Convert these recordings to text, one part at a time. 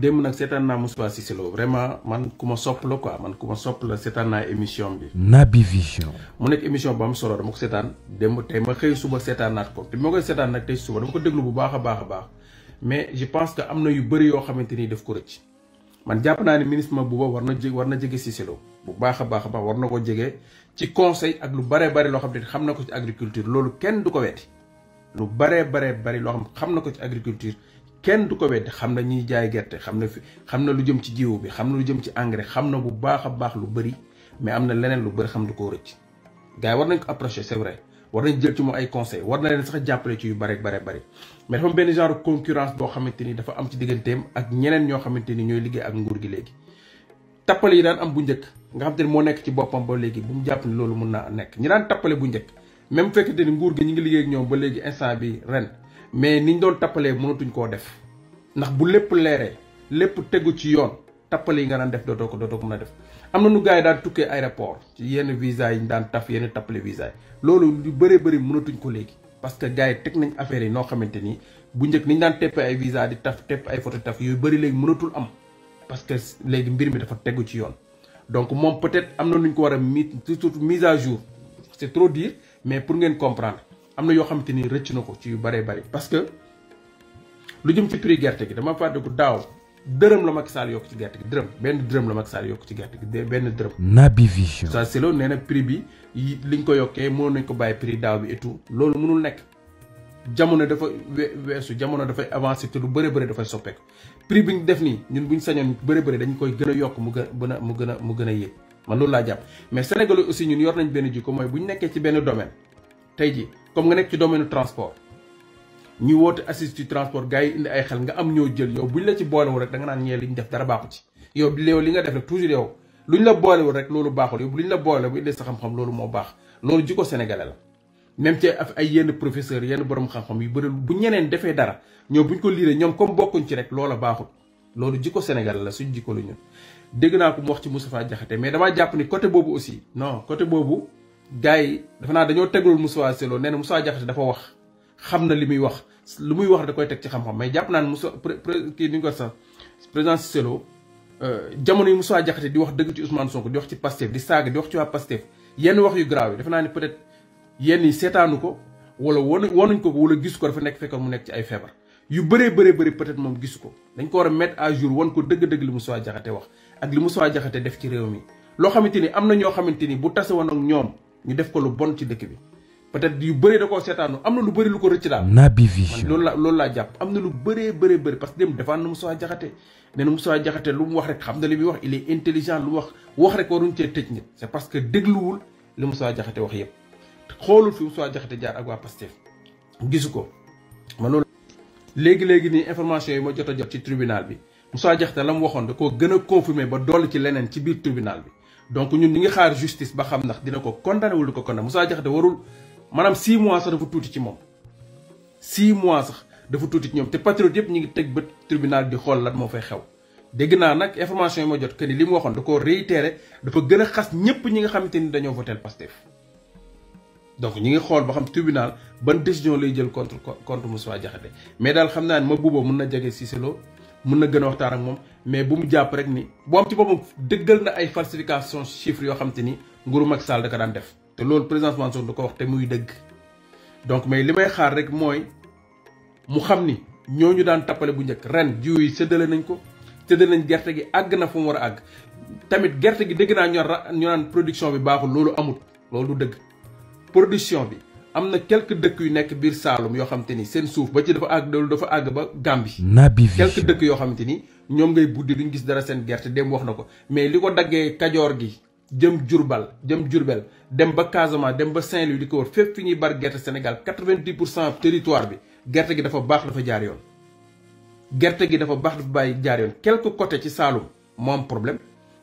démb nak seetaan naa Moustapha vraiment man kuma ma quoi man kuma ma sopp émission bi. Nabi Vision. mu nekk émission bam am solo dama ko seetaan démb tay ma xey suba seetaan ko te bi ma koy seetaan nag suba dama ko déglu bu baax a baax mais je pense que amna yu beuri yo xamanteni def ko rëcc man japp na ni ministre ma booba warna na jé jege Cissé bu baax a baax warna ko jege ci conseil ak lu bare bare lo xam ne ko ci agriculture lolou kenn du ko weeti lu bare bare bare lo xamna ko ci agriculture. kenn du ko weddi xam na ñuy jaay gerte xam na fi xam na lu jëm ci jiwu bi xam na lu jëm ci engrais xam na bu baax a baax lu bëri mais am na leneen lu bëri xam du ko rëcc gaa yi war nañ ko approché c'est vrai war nañ jël ci mu ay conseil war na leen sax jàppale ci yu bare bare bëri mais dafa am benn genre concurrence boo xamante ni dafa am ci digganteem ak ñeneen ñoo xamante ni ñooy liggéey ak nguur gi léegi tappale yi daan am bu njëkk nga xam te ni moo nekk ci boppam ba léegi bu mu jàpp loolu mun naa nekk ñi daan tappale même fekkente ni nguur gi ñi ngi liggéey ak ba léegi bi ren mais niñ doon tappalee mënatuñ ko def ndax bu lépp léré lépp tegu ci yoon tapalé nga daan def doto ko doto ko mën def amna nu gars daan tukkee aéroport ci yenn visa yi daan taf yenn tapalé visa yi loolu lu bëree bëri mënatuñ ko légui parce que gars yi nañ affaire yi noo xamante ni bu ñëk niñ daan teppee ay visa di taf tepp ay photo taf yu bëri légui mënatul am parce que légui mbir mi dafa tegu ci yoon donc mom peut-être amna nuñ ko wara mise à jour c'est trop dire mais pour ngeen comprendre am na yoo xamante ni rëcc na ko ci yu bëree bëri parce que lu jëm ci prix gerte gi dama fàttaliku daaw dërëm la ma Sall yokk ci gerte gi dërëm benn dërëm la Macky Sall yokk ci gerte gi benn dërëm. Naby Vision. ça c'est loolu nee na prix bi liñ ko yokkee mënoon nañ ko bàyyi prix daaw bi et loolu mënul nekk jamono dafa weesu jamono dafay avancé te lu bëre bëri dafay soppeeku prix bi ñu def nii ñun bu ñu sañoon bëre bëri dañ koy gën a yokk mu gën a mu gën a mu gën a yéeg man loolu laa jàpp mais Sénégalais aussi ñun yor nañ benn jikko mooy bu ñu nekkee ci benn domaine tey comme nga nekk ci domaine transport ñi woote assise ci transport gars yi indi ay xel nga am ñoo jël yow ñu la ci boolewul rek da nga naan ñee li ñu def dara baaxu ci yow léew li nga def rek toujours yow luñ la boolewul rek loolu baaxul yow luñ la boole bu indee sa xam-xam loolu moo baax loolu jikko sénégalais la même ci ay yenn professeur yenn borom xam-xam yu bëri bu ñeneen defee dara ñoom buñ ko liiree ñoom comme bokkuñ ci rek loola baaxul loolu jikko sénégalais la suñ jikko lu ñun dégg naa ko mu wax ci Moustapha Diakhaté mais damaa jàpp ni côté boobu aussi non côté boobu gars yi dafa naa dañoo teglul Moussa Cissé Lo nee na Moussa Diakhaté dafa wax xam na li muy wax lu muy wax da koy teg ci xam-xam mais jàpp naa ne Moussa kii ni ko sax président Cissé Lo euh, jamono yi Moussa Diakhaté di wax dëgg ci Ousmane Sonko di wax ci Pastef di saaga di wax ci waa Pastef yenn wax yu grave yi dafa naa ne peut-être yenn yi seetaanu ko wala wan wanuñ ko ko wala gis ko dafa nekk fekkoon mu nekk ci ay feebar yu bëree bëree bëri peut-être moom gis ko dañ ko war a mettre à jour wan ko dëgg-dëgg li Moussa wax ak li Moussa Diakhaté def ci réew mi loo xamante ni am na ñoo xamante ni bu tase woon ak ñoom Il def ko lu bon ci dëkk bi peut-être yu da koo seetaanu am na lu bëri lu ko rëcc daal. la lu parce que dem na Moussa Diakhaté nee na Moussa lu wax rek xam na il est intelligent lu wax wax rek waruñ cee tëj c'est parce que dégluwul li Moussa Diakhaté wax yëpp xoolul fi Moussa Diakhaté jaar ak waa Pastef gisu ko ma loolu. léegi information yi ci tribunal bi Moussa Diakhaté la mu da ba ci tribunal donc ñun ñi ngi xaar justice ba xam ndax dina ko condamné wul ko condamné Moussa Diakhaté warul manam 6 mois sax dafa tuuti ci mom 6 mois sax dafa tuuti ci ñoom te patriote yépp ñi ngi teg bët tribunal di xol lan mo fay xew. dégg na nak information yi ma jot que ni li waxon da ko réitéré dafa gëna a xas ñëpp ñi nga xamanteni dañoo voteel Pastef donc ñi ngi xol ba xam tribunal ban décision lay jël contre contre Moussa Diakhaté mais dal xam naa ma bubo mëna na ci Cissé Lo mën na gën a waxtaan ak moom mais bu mu jàpp rek ni bu am ci na ay falsification chiffres yoo xam te ni Sall da def te loolu président donc mais li xaar rek mooy mu xam ni daan bu ren jiw yi nañ ko nañ na fu mu war a des tamit gerte gi dégg naa ñu naan production bi production y quelques deuk yu nek bir Saalum yo de sen souf choses. ba ci dafa Gambie. quelques mais li ko daggee gi jëm Jurbal jëm Jurbel dem ba Casamance dem ba Saint-Louis di Ils fini bar 90 territoire bi gerte gi dafa Ils dafa jaar yoon. gerte gi dafa bax jaar yoon côté ci problème.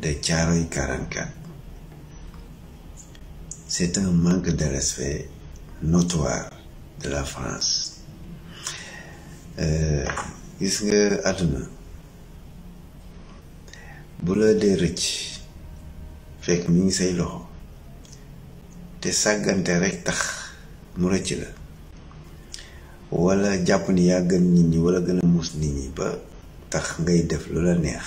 de Charo-Caranca. C'est un manque de respect notoire de la France. Euh, gis nga aduna, bu la dee rëcc fekk mi ngi say loxo te sàggante rek tax mu rëcc la wala jàpp ni yaa gën nit ñi wala gën a muus nit ñi ba tax ngay def lu la neex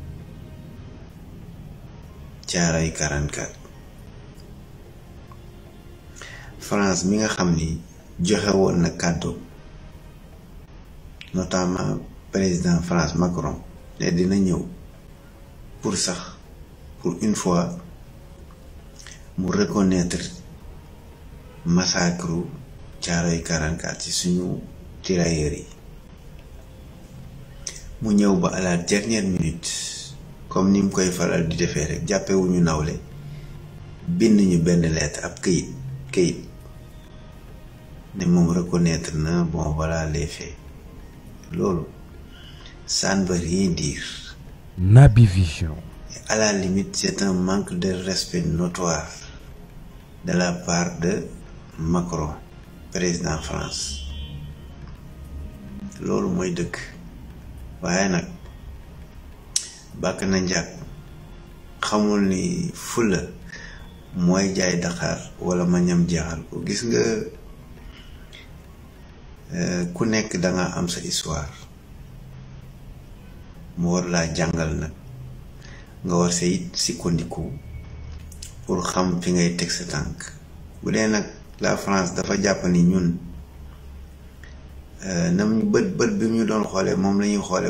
caaray 44 France mi nga xam ni joxe woon na kàddu notament président France Macron ne dina ñëw pour sax pour une fois mu reconnaître massacre caaray 44 ci suñu tirailleurs yi mu ñëw ba à la comme ni mu koy faral di nous nawle nous reconnaître na bon voilà les faits ça ne veut rien dire. à la limite c'est un manque de respect notoire de la part de Macron président France bakana na njàkk xamul ni fula moy jaay dakar wala ma ñam jaxal ko gis nga eh, ku nekk danga am sa histoire mo war la jangal nak nga war sa it sikkondiku pour xam fi ngay tek sa tank bu nak la France dafa japp ni ñun eh, nam bët bët bi ñu doon xolé mom la xolé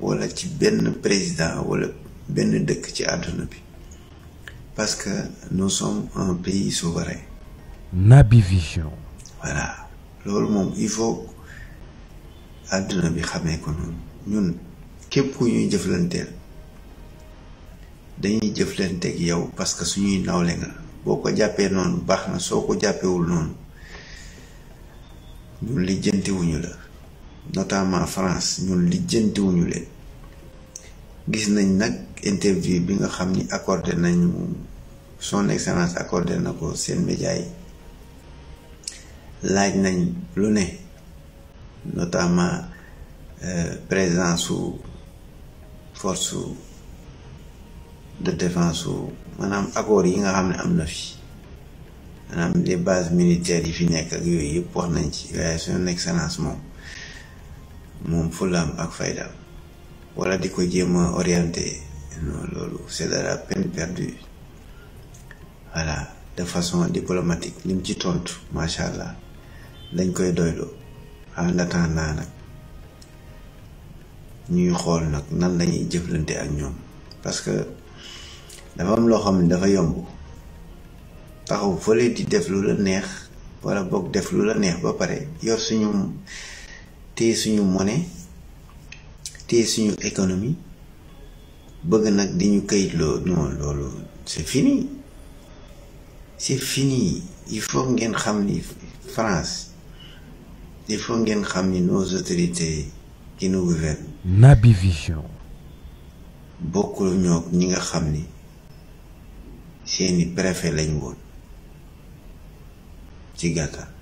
wala ci benn président wala benn dëkk ci àdduna bi parce que nous sommes un pays souverain. Nabi Vision. voilà loolu moom il faut àdduna bi xamee ko noonu ñun képp ku ñuy jëflanteel dañuy jëflanteeg yow parce que suñuy nawle nga boo ko jàppee noonu baax na soo ko jàppewul noonu ñun lijjantiwuñu la notamment France ñun lijjantiwuñu leen gis nañ nag interview bi nga xam ni accordé nañu son excellence accordé na ko seen média yi laaj nañ lu ne notamment euh, présence force de défense su maanaam accord yi nga xam ne am na fi maanaam les bases militaires yi fi nekk ak yooyu yëpp wax nañ ci son excellence moom moom fulaam ak faydaam wala di ko jéem a orienté non loolu c'est de la peine perdue voilà de façon diplomatique lim ci tontu macha allah dañ koy doyloo en attendant nag ñuy xool nag nan lañuy jëflante ak ñoom parce que dafa am loo xam ne dafa yomb taxaw fële di def lu la neex walla boog def lu la neex ba pare yor suñu téye suñu monnaie téye suñu économie bëgg nag di ñu kayit loo non loolu c'est fini c'est fini il faut ngeen xam ni France il faut ngeen xam ni nos autorités qui nous gouvernent. nabi Vision. bokkul ñoo ñi nga xam ni seeni préfet lañ woon ci gàttal.